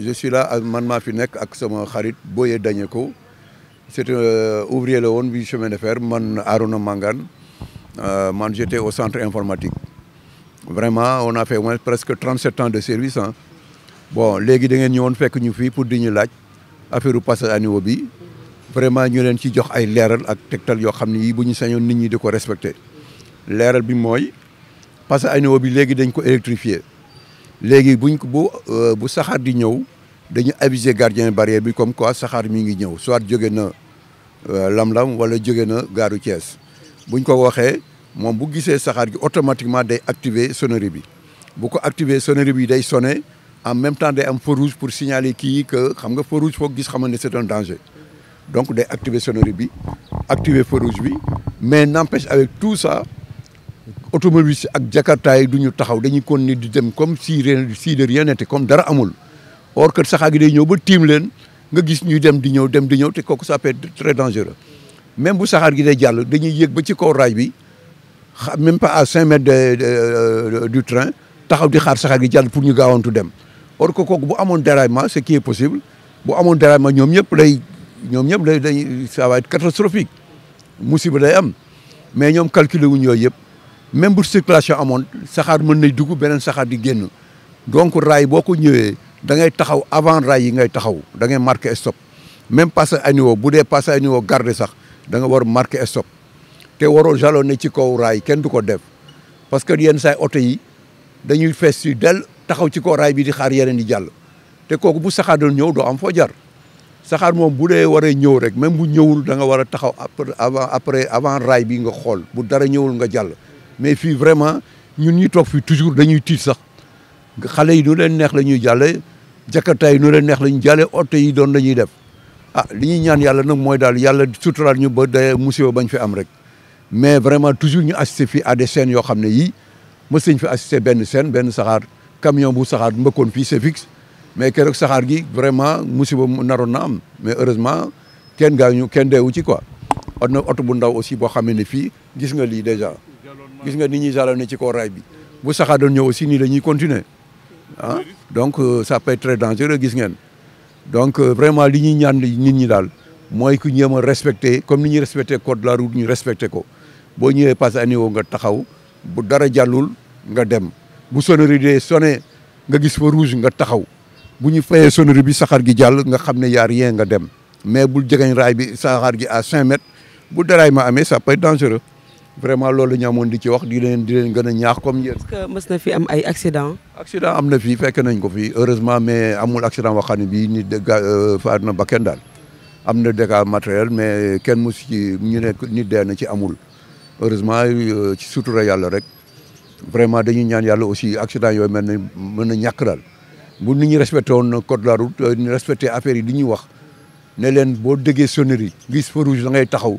je suis là je suis là fi mon ak sama xarit Boye danyeko. c'est un euh, ouvrier le chemin de fer man Aruna Mangane euh, man j'étais au centre informatique vraiment on a fait presque 37 ans de service Hein. bon léegi da ngeen fait fekk ñu fii pour di ñu à affaire passage à niveau bi vraiment ñu leen ci jox ay leeral ak tegtal yoo xam ne yii bu ñu sañoon nit ñi di ko respecté leeral passage à niveau bi léegi dañ ko électrifié légui buñ ko bu euh, bu saxaar di ñew dañu aviser gardien barrière bi comme quoi saxaar mi ngi ñew soit jogé na euh, lamlam wala jogé na gaaru ties buñ ko waxé mom bu gisee saxaar gi automatiquement day activer sonnerie bi bu ko activer sonnerie bi day sonner en même temps day am feu rouge pour signaler kii que xam nga feu rouge foog gis xamane c'est un danger donc day activer sonnerie bi activer feu rouge bi mais n'empêche avec tout ça automobilistes ak jakarta du ñu taxaw dañuy continuer di dem comme si rien si de rien comme dara amul or que saxaar gi day ñëw ba tiim leen nga gis ñu dem di ñëw dem di ñëw te kooku ça peut être très dangereux même bu saxaar gi day jàll dañuy yéeg ba ci kaw raay bi même pas à cinq mètres du train taxaw di xaar saxaar gi jàll pour ñu gaawantu dem or que kooku bu amoon déraillement ce qui est possible bu amoon ma ñoom yëpp lay ñoom ñëpp lay day ça va être catastrophique musiba day am mais ñoom calculer wuñ yooyu yëpp même bu circulation amoon saxaar mën nay dugg beneen saxaar di génn donc raay boo ko ñëwee dangay ngay taxaw avant raay yi ngay taxaw da ngay marqué stop même passage à niveau bu dee passage à niveau garde sax da nga war marqué stop te waroo jalonné ci kaw raay kenn du ko def parce que yenn saay oto yi dañuy fees si del taxaw ci kaw raay bi di xaar yeneen di jàll te kooku bu saxaar doon ñëw doo am foo jar saxaar moom bu dee waree ñëw rek même bu ñëwul danga nga war a taxaw après avant après avant bi nga xool bu dara ñëwul nga jàll mais fii vraiment ñun ñi toog fii toujours dañuy tiit sax xale yi nu leen neex la ñuy jàlle jakarta yi nu leen neex la ñuy jàlle oto yi doon la def ah li ñuy ñaan yàlla nag mooy daal yàlla suturaal ñu ba day musiba bañ fi am rek mais vraiment toujours ñu assisté fii à des yoo xam ne yi mës nañ fi assisté benn seen benn saxaar camion bu saxaar mbëkkoon fii c'est fixe mais keroog saxaar gi vraiment musiba naroon na am mais heureusement kenn gaañu kenn deewu ci quoi am na oto bu ndaw aussi boo xamee ne fii gis nga lii déjà gis nga ni ñuy jalonné ci kaw raay bi bu saxaa doon ñëw aussi nii la ñuy continuer ah donc euh, ça peut être très dangereux gis ngeen donc euh, vraiment li ñuy ñaan nit ñi daal mooy ku ñëem a respecté comme ni ñuy respecté code de la route ñu respecté ko boo ñëwee passe à nga taxaw bu dara jàllul nga dem bu sonnerie dee sonné nga gis fa rouge nga taxaw bu ñu fayee sonnerie bi saxaar gi jàll nga xam ne yaa rien nga dem mais bul jegeñ raay bi saxaar gi à cinq bu déraillement amee ça peut être dangereux vraiment loolu ñu amoon di ci wax di leen di leen gën a ñaax comme yéen. est-ce fi am ay accident accident am na fi fekk nañ ko fi heureusement mais amul accident waxaan ne bii nit de euh, faat na ba kenn daal am na dégâts matériels mais kenn mosu ci ñu ne nit dee na ci amul heureusement euh, ci sutura yàlla rek vraiment dañu ñaan yàlla aussi accident yooyu mel na mën a ñàkk daal bu nit ñi respecté woon code de la route euh, respecté affaire yi di ñuy wax ne leen boo déggee sonnerie gis feu rouge ngay taxaw.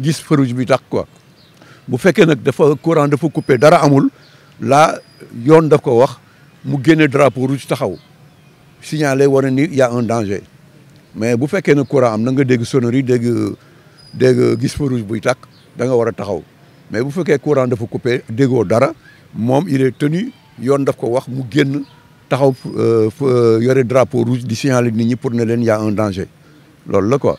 gis farouche bi tax quoi bu fekkee nag dafa courant dafa coupé dara amul là yoon daf ko wax mu génne drapeau rouge taxaw signaler war a ni y a un danger mais bu fekkee ne courant am na nga dégg sonnerie dégg dégg gis rouge buy tàkk da nga war a taxaw mais bu fekkee courant dafa coupé déggoo dara moom il est tenu yoon daf ko wax mu génn taxaw euh, euh, yore drapeau rouge di signaler nit ñi pour ne leen y a un danger loolu la quoi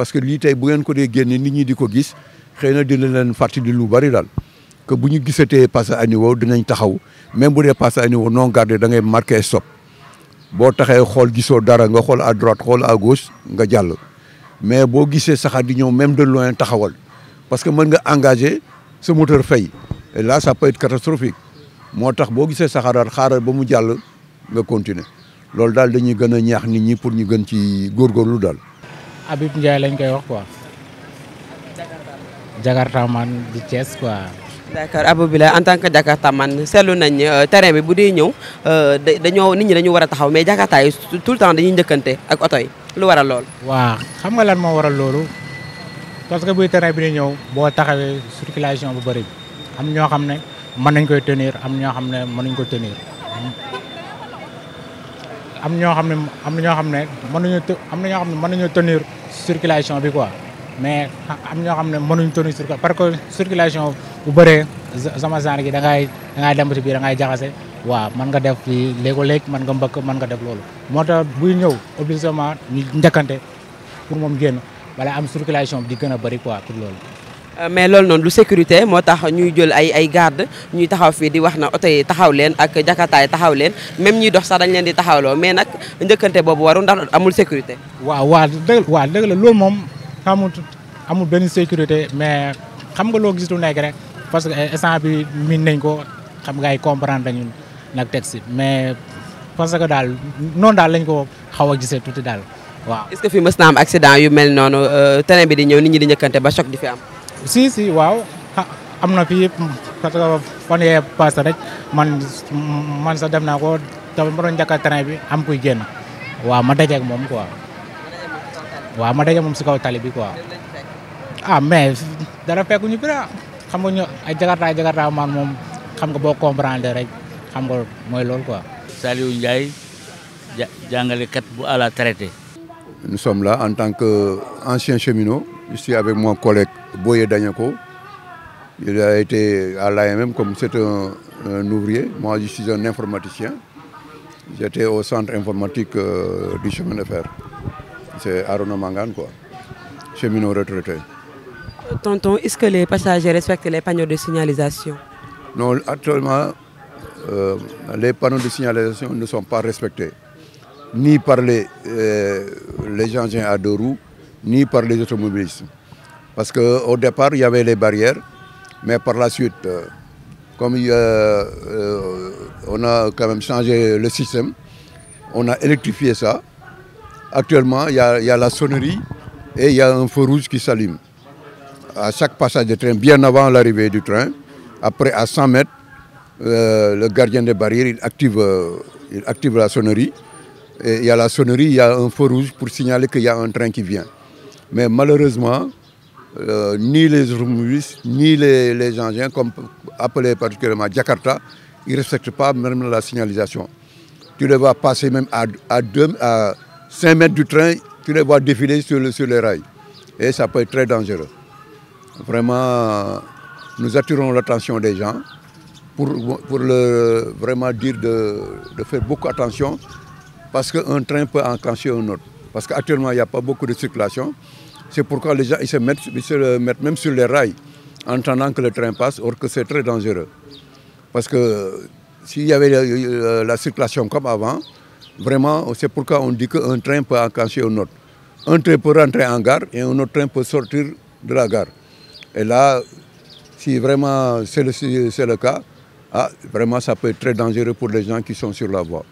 parce que lii tey bu ngeen ko dee génne nit ñi di ko gis xëy na dina leen fàttali lu bari daal que bu ñu gisatee passé à niveau dinañ taxaw même bu dee passé à niveau non gardé da ngay marqué stop boo taxee xool gisoo dara nga xool à droite xool à gauche nga jàll mais boo gisee saxaar di ñëw même de loin taxawal parce que mën nga engagé sa moteur fay et là ça peut être catastrophique moo tax boo gisee xaaral ba mu nga continuer dañuy ñaax nit ñi pour ñu gën ci Habib Ndiaye lañ koy wax quoi. Jakartaman di Thiès quoi. d'accord Aboubillah en tant que Jakartaman seetlu nañ euh, terrain bi bu dee ñëw euh, dañoo nit ñi dañu war a taxaw mais Jakarta yi tout le temps dañuy njëkkante ak oto lu war a lool. waa xam nga lan moo a loolu parce que buy terrain bi di ñëw boo taxawee circulation bu bëri am ñoo xam ne mën nañ koy tenir am ñoo xam ne mënuñ ko tenir ñoo xam ne am na ñoo xam ne tenir. circulation bi quoi mais am ñoo xam ne mënuñ toni circulation parce que circulation bu bëree sama genre gi da ngay da dem ci biir da ngay jaxase waaw mën nga def fii léego-léeg mën nga mbëkk man nga def loolu moo tax buy ñëw obligatoirement ñu njëkkante pour moom génn wala am circulation bi di gën a bëri quoi pour loolu Euh, mais loolu noonu lu sécurité moo tax ñuy jol ay ay garde ñuy taxaw fii di wax na oto yi taxaw leen ak jakataay taxaw leen même ñuy dox sax dañ leen di taxawloo mais nag njëkkante boobu waru ndax amul sécurité waaw waaw dëgg la loolu moom amul amul benn sécurité mais xam nga loo gis lu nekk rek parce que instant bi miin nañ ko xam nga ay comprendre nañu nag texte mais parce que daal noon daal lañ ko xaw a gisee tuuti daal waaw. est-ce que fi mës na am accident yu mel noonu euh, train bi di ñëw ni ñu di njëkkante ba choc di fi am. si si waaw am na fi mm, parce que fan yee passé rek man mm, man sa dem naa ko dama doon njëkk a train bi am kuy génn waaw ma dajeeg moom quoi waaw ma dajeeg moom si kaw tali bi quoi ah mais dara fekk ñu bira xam nga ñu ay jakarta jakarta man moom xam nga boo comprendre rek xam nga mooy loolu quoi. Saliou Ndiaye jàngalekat bu à la traité. nous sommes là en tant que anciens cheminots Je suis avec mon collègue Boye Danyako. Il a été à l'AMM comme c'est un, ouvrier. Moi, je suis un informaticien. J'étais au centre informatique euh, du chemin de fer. C'est Arona Mangan, quoi. Cheminot retraité. Tonton, est-ce que les passagers respectent les panneaux de signalisation Non, actuellement, euh, les panneaux de signalisation ne sont pas respectés, ni par les, euh, les engins à deux roues, ni par les automobilistes. Parce qu'au départ, il y avait les barrières, mais par la suite, euh, comme euh, on a quand même changé le système, on a électrifié ça. Actuellement, il y, a, la sonnerie et il y a un feu rouge qui s'allume. À chaque passage de train, bien avant l'arrivée du train, après à 100 mètres, euh, le gardien des barrières il active, active la sonnerie. Et il y a la sonnerie, il y a un feu rouge pour signaler qu'il y a un train qui vient. Mais malheureusement, euh, ni les automobilistes, ni les, engins, comme appelés particulièrement Jakarta, ils ne respectent pas même la signalisation. Tu les vois passer même à, 5 mètres du train, tu les vois défiler sur, les rails. Et ça peut être très dangereux. Vraiment, nous attirons l'attention des gens pour, pour vraiment dire de, faire beaucoup attention parce qu'un train peut enclencher un autre. Parce qu'actuellement, il n'y a pas beaucoup de circulation. C'est pourquoi les gens ils se, mettent, même sur les rails en attendant que le train passe, or que c'est très dangereux. Parce que s'il y avait euh, euh, la, circulation comme avant, vraiment, c'est pourquoi on dit qu'un train peut encacher un autre. Un train peut rentrer en gare et un autre train peut sortir de la gare. Et là, si vraiment c'est le, cas, ah, vraiment ça peut être très dangereux pour les gens qui sont sur la voie.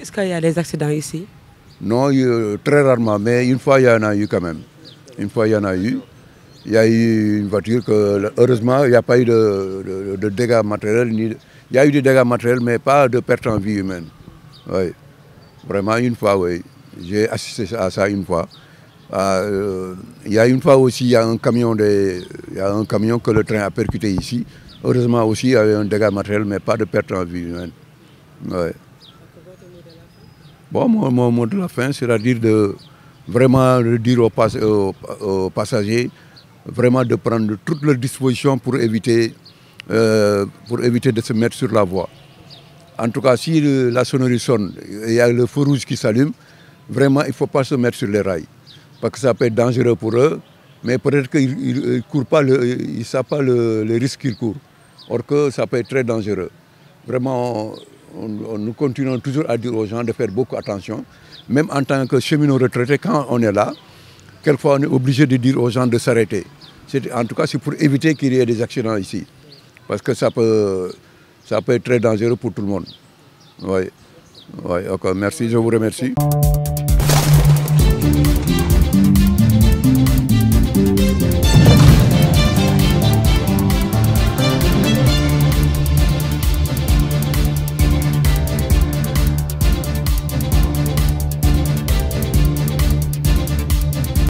Est-ce qu'il y a des accidents ici Non, très rarement, mais une fois il y en a eu quand même. Une fois il y en a eu. Il y a eu une voiture que, heureusement, il n'y a pas eu de, dégâts matériels. il y a eu des dégâts matériels, mais pas de perte en vie humaine. Oui. Vraiment, une fois, oui. J'ai assisté à ça une fois. Ah, euh, il y a une fois aussi, il y a un camion un camion que le train a percuté ici. Heureusement aussi, il y avait un dégât matériel, mais pas de perte en vie humaine. Bon, mon, mot de la fin, c'est-à-dire de vraiment le dire aux, passagers vraiment de prendre toutes leurs dispositions pour éviter, euh, pour éviter de se mettre sur la voie. En tout cas, si la sonnerie sonne, il y a le feu rouge qui s'allume, vraiment, il ne faut pas se mettre sur les rails. Parce que ça peut être dangereux pour eux, mais peut-être qu'ils ne savent pas le, le risque qu'ils courent. Or que ça peut être très dangereux. Vraiment, nous continuons toujours à dire aux gens de faire beaucoup attention. Même en tant que cheminot retraité, quand on est là, quelquefois on est obligé de dire aux gens de s'arrêter. En tout cas, c'est pour éviter qu'il y ait des accidents ici. Parce que ça peut, être très dangereux pour tout le monde. Oui. Merci, je vous remercie.